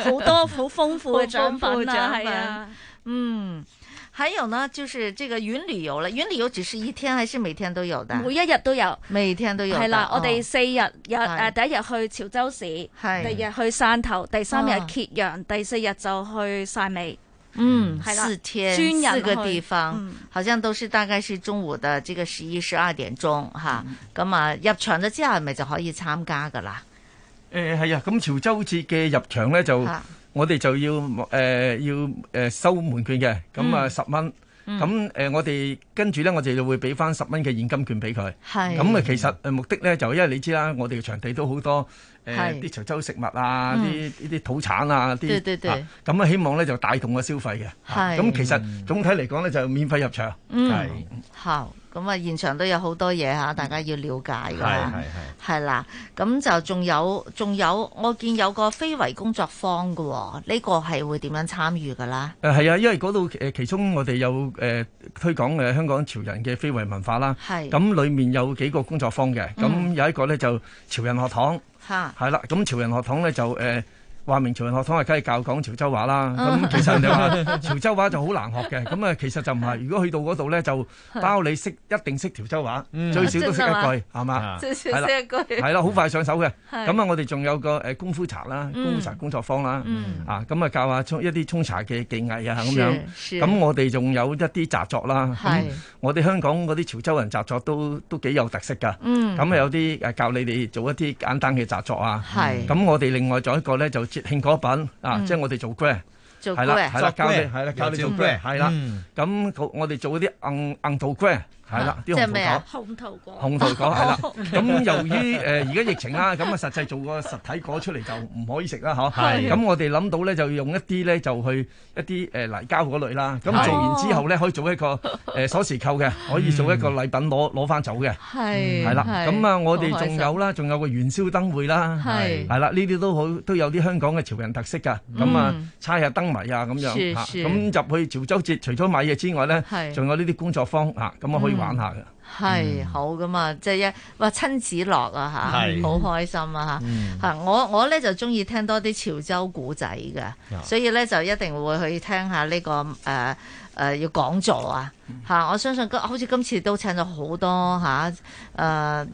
好多好豐富嘅獎品。啊，係啊，啊，啊，啊，啊，啊， [LAUGHS] 啊，啊。嗯，還有呢，就是這個雲旅遊啦，雲旅遊只是一天，還是每天都有的？每一日都有，每一天都有。係啦、啊啊，我哋四日日誒、啊、第一日去潮州市，係、啊，第二日去汕頭，第三日揭陽、啊，第四日就去汕尾。嗯，四天四個地方、嗯，好像都是大概是中午的這個十一、十二點鐘，哈、啊，咁啊入場咗之後係咪就可以參加噶啦誒、嗯、係啊，咁潮州節嘅入場咧就我哋就要誒、呃、要誒收門券嘅，咁啊十蚊，咁、嗯、誒、呃、我哋跟住咧我哋就會俾翻十蚊嘅現金券俾佢，係、咁啊其實誒目的咧就因為你知啦，我哋嘅場地都好多。誒啲、呃、潮州食物啊，啲呢啲土產啊，啲、對對對、咁啊，希望呢就帶動個消費嘅。咁、嗯、其實總體嚟講呢，就免費入場。咁、嗯、啊，現場都有好多嘢嚇，大家要了解㗎。係啦，咁就仲有仲有，我見有個非遺工作坊嘅、哦，呢、呢個係會點樣參與㗎啦？誒、呃、係啊，因為嗰度其中我哋有、呃、推廣誒香港潮人嘅非遺文化啦。咁，裏面有幾個工作坊嘅，咁有一個呢，就潮人學堂。係啦，咁潮人學堂咧就誒、呃話明潮人學堂係梗係教講潮州話啦，咁其實潮州話就好難學嘅。咁啊，其實就唔係，如果去到嗰度咧，就包你識一定識潮州話，最少都識一句，係嘛？最少識一句。係啦，好快上手嘅。咁啊，我哋仲有個誒功夫茶啦，功夫茶工作坊啦，啊咁啊教下沖一啲沖茶嘅技藝啊咁樣。咁我哋仲有一啲雜作啦。我哋香港嗰啲潮州人雜作都都幾有特色㗎。咁啊有啲誒教你哋做一啲簡單嘅雜作啊。咁我哋另外仲有一個咧就。節慶果品啊，嗯、即係我哋做 green，係啦係啦，教你係啦，教你做 green 係啦。咁、嗯嗯、我哋做啲硬硬 green 係啦，啲紅桃果，紅桃果，紅桃果係啦。咁由於誒而家疫情啦，咁啊實際做個實體果出嚟就唔可以食啦，嗬。係。咁我哋諗到咧就用一啲咧就去一啲誒泥膠嗰類啦。係。咁做完之後咧可以做一個誒鎖匙扣嘅，可以做一個禮品攞攞翻走嘅。係。係啦。咁啊，我哋仲有啦，仲有個元宵燈會啦。係。係啦，呢啲都好，都有啲香港嘅潮人特色㗎。咁啊，猜下燈謎啊咁樣嚇。是是。咁入去潮州節，除咗買嘢之外咧，係。仲有呢啲工作坊嚇，咁啊去。嗯、玩下嘅，係、嗯、好噶嘛，即、就、係、是、一話親子樂啊嚇，好開心啊吓，嚇、嗯、我我咧就中意聽多啲潮州故仔嘅，的所以咧就一定會去聽一下呢、這個誒誒、呃呃、要講座啊。嚇、嗯啊！我相信好似今次都請咗好多嚇誒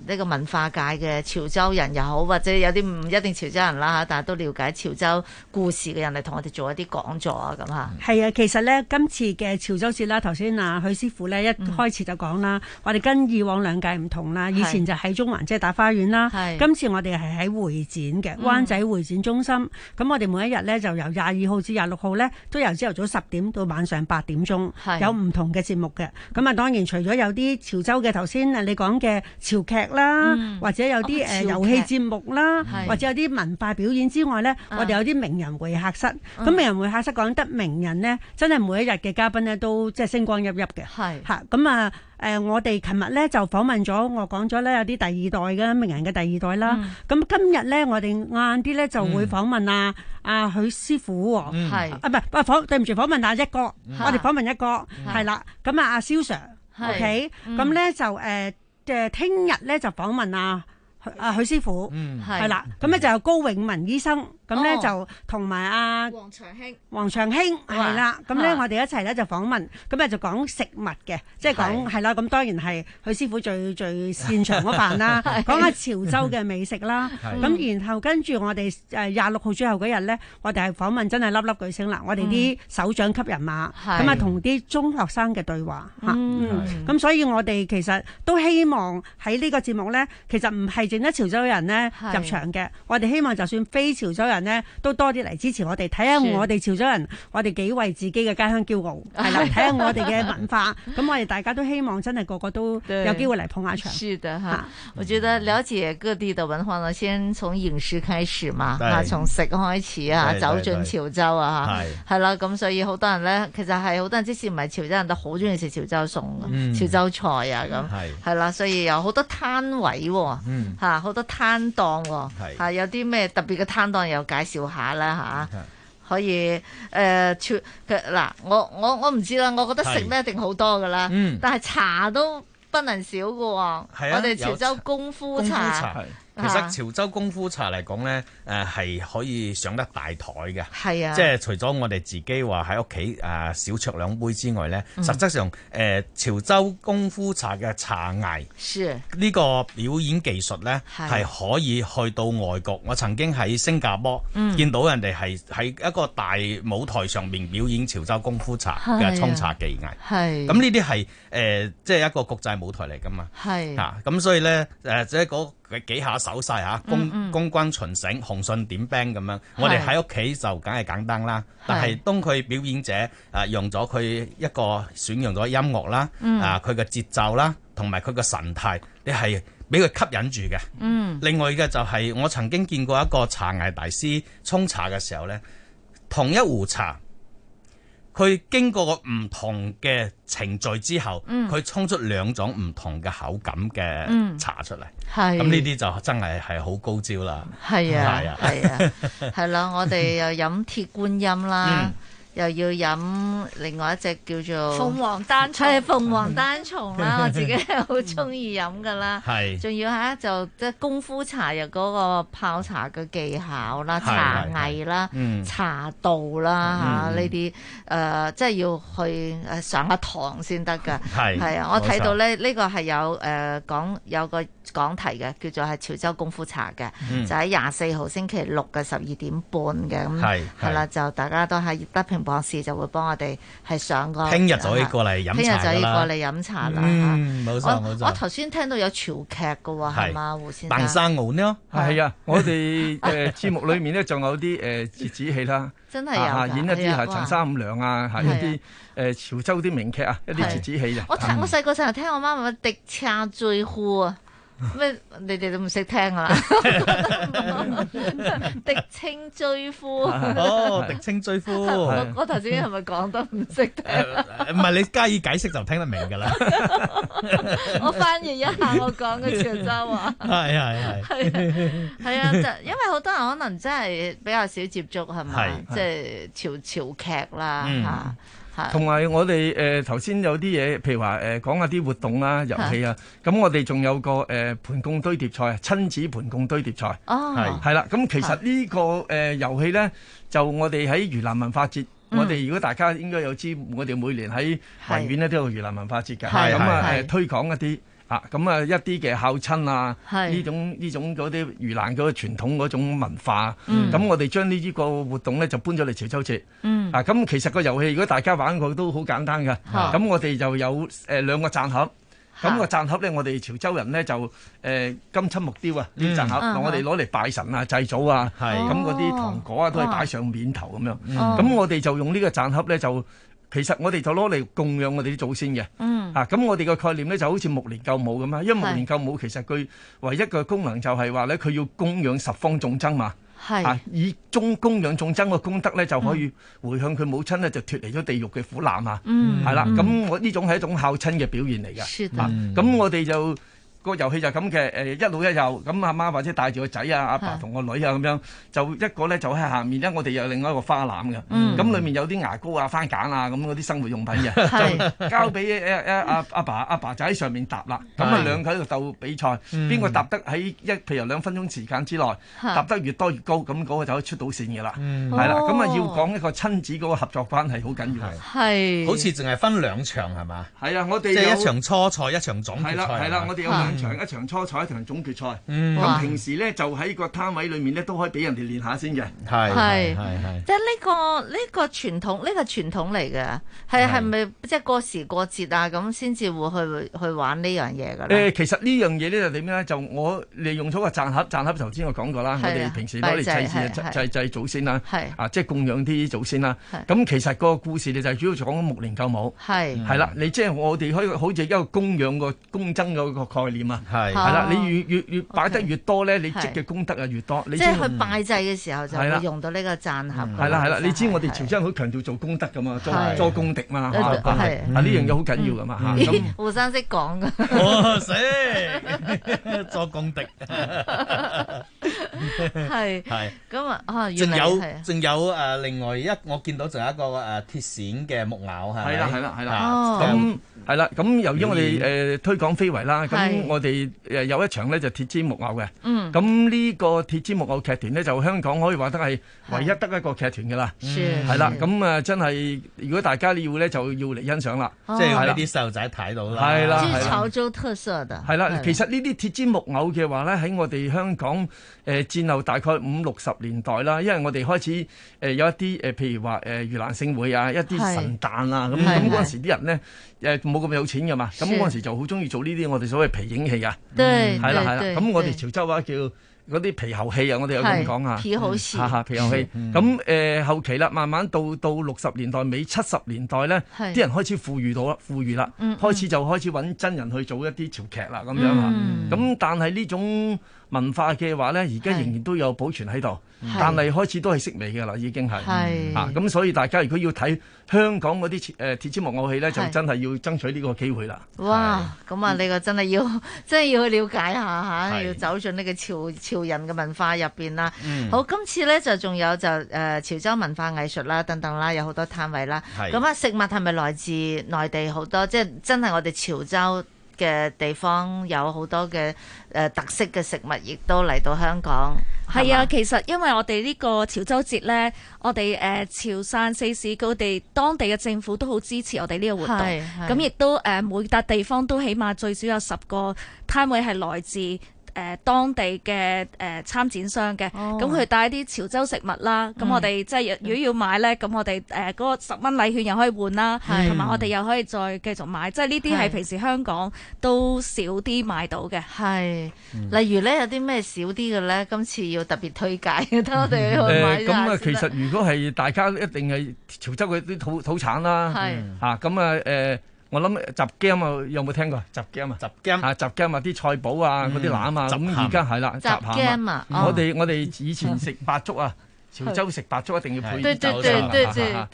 呢個文化界嘅潮州人又好，或者有啲唔一定潮州人啦，大、啊、家都了解潮州故事嘅人嚟同我哋做一啲講座啊咁嚇。係啊、嗯，其實咧今次嘅潮州節啦，頭先啊許師傅咧一開始就講啦，嗯、我哋跟以往兩屆唔同啦，以前就喺中環即係、就是、遮打花園啦，今次我哋係喺會展嘅灣仔會展中心。咁、嗯、我哋每一日咧就由廿二號至廿六號咧，都由朝頭早十點到晚上八點鐘，有唔同嘅節目。目嘅，咁啊，當然除咗有啲潮州嘅頭先啊，你講嘅潮劇啦，嗯、或者有啲誒、哦呃、遊戲節目啦，或者有啲文化表演之外咧、啊，我哋有啲名人會客室。咁、嗯、名人會客室講得名人咧，真係每一日嘅嘉賓咧，都即係星光熠熠嘅。係吓，咁啊。誒、呃，我哋琴日咧就訪問咗，我講咗咧有啲第二代嘅名人嘅第二代啦。咁、嗯、今日咧，我哋晏啲咧就會訪問啊，阿、嗯啊、許師傅、喔。係、嗯，啊唔係、訪、對唔住，訪問阿、啊、一哥。嗯、我哋訪問一哥，係、嗯、啦。咁啊，阿蕭 sir，OK。咁、OK? 咧、嗯、就誒嘅聽日咧就訪問阿、啊、阿許、啊、許師傅。嗯，係啦。咁咧就有高永文醫生。咁咧就同埋阿黃長興黃長興係啦。咁咧、啊、我哋一齊咧就訪問，咁啊就講食物嘅，即係講，係啦。咁、就是、當然係許師傅最最擅長嗰範啦，講 [LAUGHS] 下潮州嘅美食啦。咁然後跟住我哋誒廿六號最後嗰日咧，我哋係訪問真係粒粒巨星啦，我哋啲首長級人馬，咁啊同啲中學生嘅對話嚇。咁、嗯、所以我哋其實都希望喺呢個節目咧，其實唔係淨得潮州人咧入場嘅，我哋希望就算非潮州人。都多啲嚟支持我哋，睇下我哋潮州人，我哋幾為自己嘅家鄉驕傲，係啦，睇 [LAUGHS] 下我哋嘅文化。咁我哋大家都希望真係個個都有機會嚟捧下場。是的、啊嗯、我覺得了解各地的文化呢，先從飲食開始嘛，從、啊、食開始啊，對對對，走進潮州啊，係啦。咁、啊、所以好多人呢，其實係好多人，即使唔係潮州人都好中意食潮州餸、啊嗯、潮州菜啊，咁係啦。所以有好多攤位、啊，吓、嗯，好、啊、多攤檔、啊啊，有啲咩特別嘅攤檔有。介紹下啦、啊、可以誒嗱、呃啊，我我我唔知啦，我覺得食咩一定好多噶啦，嗯、但係茶都不能少嘅喎、啊，我哋潮州功夫茶。其實潮州功夫茶嚟講咧，誒、呃、係可以上得大台嘅。係啊，即係除咗我哋自己話喺屋企誒小酌兩杯之外咧，實質上誒、嗯呃、潮州功夫茶嘅茶藝，是呢、這個表演技術咧係可以去到外國。我曾經喺新加坡、嗯、見到人哋係喺一個大舞台上面表演潮州功夫茶嘅沖茶技藝，係咁呢啲係誒即係一個國際舞台嚟噶嘛，係咁、啊、所以咧誒、呃、即係嗰、那個。佢幾下手勢嚇，關公巡城、韓信點兵咁樣。我哋喺屋企就梗係簡單啦，但係當佢表演者啊，用咗佢一個選用咗音樂啦，啊佢嘅節奏啦，同埋佢嘅神態，你係俾佢吸引住嘅。另外嘅就係、是、我曾經見過一個茶藝大師沖茶嘅時候呢，同一壺茶。佢經過個唔同嘅程序之後，佢沖、嗯、出兩種唔同嘅口感嘅茶出嚟，咁呢啲就真係係好高招啦。係啊，係啊，係啦、 [LAUGHS] 啊，我哋又飲鐵觀音啦。嗯又要飲另外一隻叫做鳳凰單，係鳳凰單欉，欉啦， [LAUGHS] 我自己係好中意飲噶啦。係，仲要吓、啊，就即功夫茶入個泡茶嘅技巧啦、茶藝啦、茶道啦吓呢啲誒即係要去誒上下堂先得㗎。係啊，我睇到咧呢這個係有誒講、呃、有個講題嘅，叫做係潮州功夫茶嘅，是是是就喺廿四號星期六嘅十二點半嘅咁係啦，就大家都喺得平。博士就會幫我哋係上個，聽日就可以過嚟飲茶。聽日就可以過嚟飲茶啦。冇錯冇錯。我錯，我頭先聽到有潮劇嘅喎，係嘛胡先生？南山牛呢？係啊，我哋誒、 [LAUGHS] 呃、 [LAUGHS] 節目裡面咧仲有啲誒折子戲啦，真係啊，演一啲係、呃呃、陳三五娘啊，係、啊、一啲誒潮州啲名劇啊，啊一啲折子戲啊。嗯、我我細個成日聽我媽話《滴茶醉婦》啊。咩？你哋都唔識聽㗎啦，滴青追夫哦，青 [LAUGHS] 追夫，係係係哦、迪青追夫 [LAUGHS] 我我頭先係咪講得唔識聽？唔 [LAUGHS] 係你加以解釋就聽得明㗎啦。 [LAUGHS] [LAUGHS] 我翻譯一下我講嘅潮州話，係係係係啊！就因為好多人可能真係比較少接觸係咪？即係潮潮劇啦、嗯同埋我哋誒頭先有啲嘢，譬如話誒、呃、講下啲活動啊、遊戲啊，咁我哋仲有個誒、呃、盆供堆疊賽啊，親子盆供堆疊賽，係係啦。咁其實呢、呢個、呃、遊戲咧，就我哋喺盂蘭文化節，嗯、我哋如果大家應該有知，我哋每年喺維園呢都有盂蘭文化節㗎，咁啊推廣一啲。啊，咁啊一啲嘅孝親啊，呢種呢種嗰啲魚欄嘅傳統嗰種文化，咁、嗯、我哋將呢啲個活動咧就搬咗嚟潮州節、嗯。啊，咁其實個遊戲如果大家玩過都好簡單嘅。咁我哋就有誒、呃、兩個鑽盒，咁、那個鑽盒咧我哋潮州人咧就誒、呃、金漆木雕啊呢啲鑽盒，嗯、我哋攞嚟拜神啊祭祖啊，咁嗰啲糖果啊都係擺上面頭咁樣。咁、哦嗯、我哋就用這個呢個鑽盒咧就。其實我哋就攞嚟供養我哋啲祖先嘅、嗯，啊咁我哋個概念咧就好似目連救母咁啊，因為目連救母其實佢唯一嘅功能就係話咧，佢要供養十方眾僧嘛，係啊以中供養眾僧個功德咧就可以回向佢母親咧就脫離咗地獄嘅苦難啊，係、嗯、啦，咁我呢種係一種孝親嘅表現嚟嘅、嗯，啊咁我哋就。個遊戲就咁嘅，誒一老一幼，咁阿媽或者帶住個仔啊，阿爸同個女啊咁樣，就一個咧就喺下面咧，我哋有另外一個花籃嘅，咁、嗯、裏面有啲牙膏啊、番梘啊咁嗰啲生活用品嘅，就交俾誒誒阿阿爸，阿爸，爸就喺上面搭啦，咁啊佢兩個喺度鬥比賽，邊個搭得喺一譬如兩分鐘時間之內搭得越多越高，咁、那、嗰個就可以出到線嘅啦，係、嗯、啦，咁啊要講一個親子嗰個合作關係好緊要，好似淨係分兩場係嘛？係啊，我哋即係一場初賽，一場總決賽啊。一場一場初賽，一場總決賽。咁、嗯、平時咧就喺個攤位裏面咧都可以俾人哋練下先嘅。係係係，即係呢個呢、這個傳統，呢、這個傳統嚟嘅。係係咪即係過時過節啊？咁先至會去去玩呢樣嘢㗎？誒、呃，其實呢樣嘢呢，就點咧？就我利用咗個贊盒，贊盒頭先我講過啦。我哋平時攞嚟祭祀祭，祭，祭祖先啦，是啊，即係供養啲祖先啦。咁其實個故事咧就係主要講目連救母。係係啦，你即係我哋可以好似一個供養個供僧嗰個概念。嘛係係啦，你越越越擺得越多咧，你積嘅功德啊越多。即係去拜祭嘅時候就用到呢個贊盒。係啦係啦，你知我哋潮州人好強調做功德噶嘛，做做功德嘛，啊呢樣嘢好緊要噶嘛嚇。咁互相識講噶。哇死！做功德係係。咁啊啊！仲有仲有誒另外一，我見到仲有一個誒鐵線嘅木偶係。係啦係啦係啦。哦。咁係啦，咁由於我哋誒推廣非遺啦，咁。我哋誒有一場呢就是、鐵枝木偶嘅，咁、嗯、呢個鐵枝木偶劇團呢，就香港可以話得係唯一得一個劇團嘅啦，係、嗯、啦，咁啊真係如果大家你要咧就要嚟欣賞啦、哦，即係呢啲細路仔睇到啦，係啦，係潮州特色的，係啦，其實呢啲鐵枝木偶嘅話呢，喺我哋香港誒、呃、戰後大概五六十年代啦，因為我哋開始誒、呃、有一啲誒、呃、譬如話誒粵南聖會啊，一啲神誕啊咁，咁嗰陣時啲人呢。誒冇咁有錢㗎嘛，咁嗰陣時就好中意做呢啲我哋所謂皮影戲呀、啊。係啦係啦，咁我哋潮州話、啊、叫嗰啲皮猴戲啊，我哋有咁講啊，皮猴戲，皮猴戲。咁誒後期啦，慢慢到到六十年代尾、七十年代咧，啲人開始富裕到啦，富裕啦、嗯嗯，開始就開始揾真人去做一啲潮劇啦咁、嗯嗯、樣啊，咁、嗯、但係呢種。文化嘅話呢，而家仍然都有保存喺度，但係開始都係式微嘅啦，已經係。係。啊，咁所以大家如果要睇香港嗰啲誒鐵枝木偶戲呢，就真係要爭取呢個機會啦。哇！咁啊，呢個真係要真係要去了解一下嚇、嗯啊，要走進呢個潮潮人嘅文化入邊啦。好，今次呢，就仲有就誒、呃、潮州文化藝術啦，等等啦，有好多攤位啦。咁啊，食物係咪來自內地好多？即係真係我哋潮州。嘅地方有好多嘅誒、呃、特色嘅食物，亦都嚟到香港。係啊，其實因為我哋呢個潮州節咧，我哋誒、呃、潮汕四市高地當地嘅政府都好支持我哋呢個活動，咁亦都誒、呃、每笪地方都起碼最少有十個攤位係來自。誒、呃、當地嘅誒、呃、參展商嘅，咁、哦、佢帶啲潮州食物啦。咁、嗯、我哋即係如果要買咧，咁我哋誒嗰個十蚊禮券又可以換啦，同埋我哋又可以再繼續買。即係呢啲係平時香港都少啲買到嘅。係，例如咧有啲咩少啲嘅咧？今次要特別推介，嗯、我哋去買啦、呃。咁、呃、啊、呃，其實如果係大家一定係潮州嗰啲土土產啦，嚇咁、嗯、啊我諗雜薑啊，有冇聽過雜薑啊？雜薑啊，雜薑啊，啲菜脯啊，嗰啲嗱啊，咁而家係啦，雜鹹啊。哦、我哋我哋以前食白粥啊， [LAUGHS] 潮州食白粥一定要配雜鹹、 [LAUGHS] 啊啊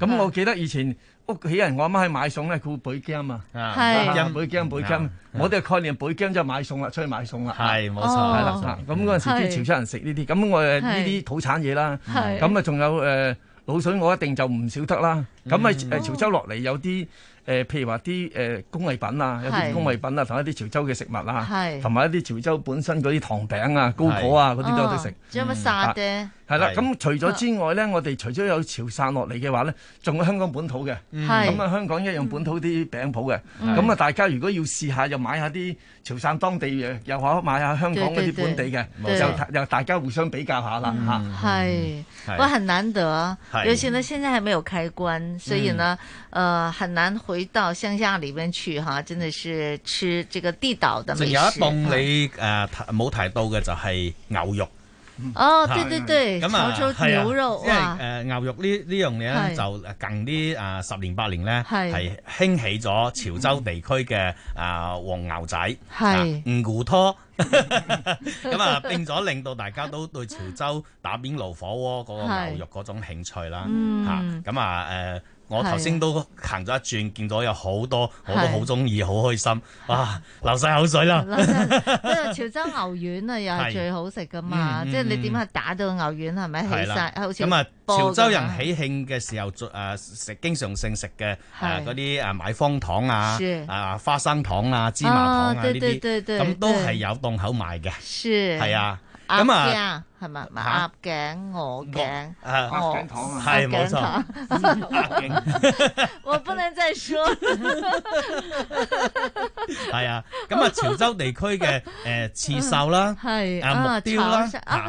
啊、我記得以前屋企人我阿媽去買餸咧，佢背薑啊嘛，背薑背薑背薑我哋嘅概念配薑就買餸啦，出去買餸啦。係冇錯，係啦。咁嗰陣時啲潮州人食呢啲，咁我呢啲土產嘢啦。咁啊仲有誒滷水，我一定就唔少得啦。咁啊誒潮州落嚟有啲。對對對對啊誒、呃，譬如話啲誒工藝品啊，有啲工藝品啊，同一啲潮州嘅食物啊，同埋一啲潮州本身嗰啲糖餅啊、糕果啊嗰啲都有得食。仲有乜沙嗲。嗯啊係啦，咁除咗之外咧，我哋除咗有潮汕落嚟嘅話咧，仲有香港本土嘅，咁、嗯、啊香港一樣本土啲餅鋪嘅，咁啊大家如果要試下，又買下啲潮汕當地嘅，又可買下香港嗰啲本地嘅，又大家互相比較下啦嚇。係、嗯，哇、啊，不過很難得，尤其呢，現在，現在還沒有開關，所以呢，呃，很難回到鄉下裏邊去哈，真的是吃這個地道的美食。仲有一檔你誒冇、啊呃、提到嘅就係牛肉。哦，對對對，咁啊潮州牛肉啊，因為誒、呃、牛肉呢呢樣嘢咧就近啲啊十年八年咧係興起咗潮州地區嘅啊黃牛仔，係唔拖，咁啊變咗、呃 [LAUGHS] [LAUGHS] 啊、令到大家都對潮州打邊爐火鍋嗰個牛肉嗰種興趣啦嚇，咁、嗯、啊誒。呃我頭先都行咗一轉，見到有好多，我都好中意，好開心，哇、啊！流晒口水啦！ [LAUGHS] [LAUGHS] 潮州牛丸啊，又係最好食噶嘛，是嗯、即係你點解打到牛丸係咪起晒？咁啊，潮州人喜慶嘅時候，誒、啊、食經常性食嘅，嗰啲啊，啊買方糖啊，啊花生糖啊、芝麻糖啊呢啲，咁、啊啊、都係有檔口賣嘅，係啊，咁啊。係咪鴨頸鵝頸，鵝頸糖係，冇錯。啊啊、錯 [LAUGHS] [LAUGHS] [LAUGHS] 我不能再說。係 [LAUGHS] [LAUGHS] 啊，咁啊，潮州地區嘅誒刺繡啦，係、啊啊、木雕啦，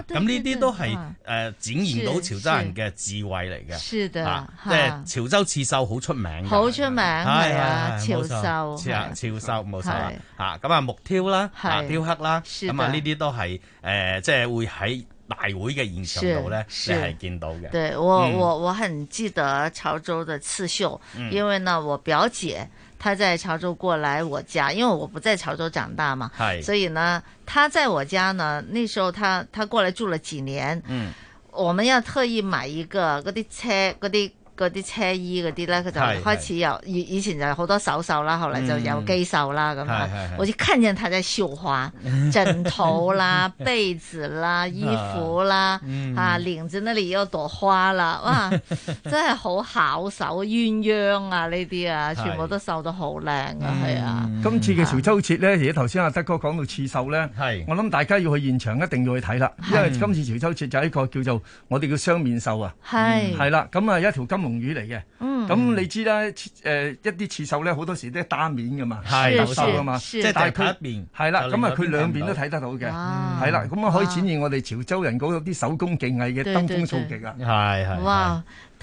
咁呢啲都係誒、呃、展現到潮州人嘅智慧嚟嘅。是，是、啊、是即係潮州刺繡好出名，好出名係啊，潮繡，潮潮繡冇錯吓咁啊，木雕啦，雕刻啦，咁啊呢啲都係誒即係會喺。大會嘅現場度咧，你係見到嘅。對我、嗯、我我很記得潮州的刺繡，因為呢我表姐她在潮州過來我家，因為我不在潮州長大嘛，係，所以呢，她在我家呢，那時候她她過來住了幾年，嗯，我們要特意買一個嗰啲車嗰啲。嗰啲車衣嗰啲咧，佢就開始有。以以前就好多手繡啦，後嚟就有機繡啦咁啊，好似吸引睇啲繡花、枕 [LAUGHS] 頭土啦、 [LAUGHS] 被子啦、衣服啦，啊領子嗰度有朵花啦，哇！ [LAUGHS] 真係好巧手鴛鴦啊，呢啲啊，全部都繡得好靚啊，係、嗯、啊！今次嘅潮州節咧，而且頭先阿德哥講到刺繡咧，係我諗大家要去現場一定要去睇啦，因為今次潮州節就係一個叫做我哋叫雙面繡啊，係係啦，咁、嗯、啊一條金。龍魚嚟嘅，咁、嗯、你知啦，誒、呃、一啲刺繡咧，好多時都單面嘅嘛，係啊嘛，即係大係佢一邊係啦，咁啊佢兩邊都睇得到嘅，係啦，咁啊、嗯嗯、可以展現我哋潮州人嗰啲手工技藝嘅登峰造極啊，係係。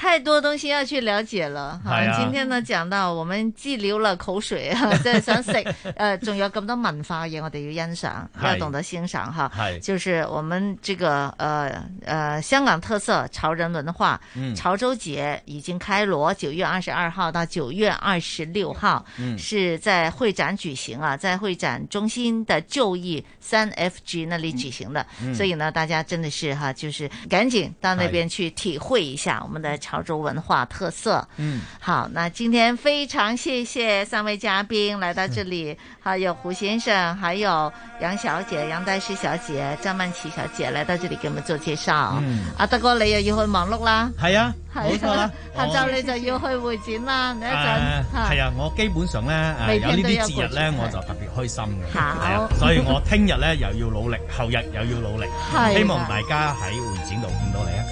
太多東西要去了解了哈、啊。今天呢，講到我們既流了口水，哈，即係想食，呃，仲有咁多文化嘢，我哋要欣賞，要懂得欣賞哈。Hi, 就是我們這個呃呃香港特色潮人文化、嗯，潮州節已經開鑼，九月二十二號到九月二十六號，嗯，是在會展舉行啊，在會展中心的舊翼三 FG 那裡舉行的、嗯嗯。所以呢，大家真的是哈，就是趕緊到那邊去體會一下我們的潮。潮州文化特色，嗯，好，那今天非常謝謝三位嘉賓來到這裏，嗯，還有胡先生，還有楊小姐、楊大師小姐、張曼琪小姐來到這裏給我們做介紹。阿，嗯啊，德哥你又要去忙碌啦，係啊，冇錯啦，下晝，啊，你就要去會展啦，uh, 你一陣，係，uh, 啊，我基本上咧，uh, 有這些日呢啲節日咧，uh, 我就特別開心嘅。好，啊，所以我聽日咧又要努力，後日又要努力， [LAUGHS] 啊，希望大家喺會展度見到你啊。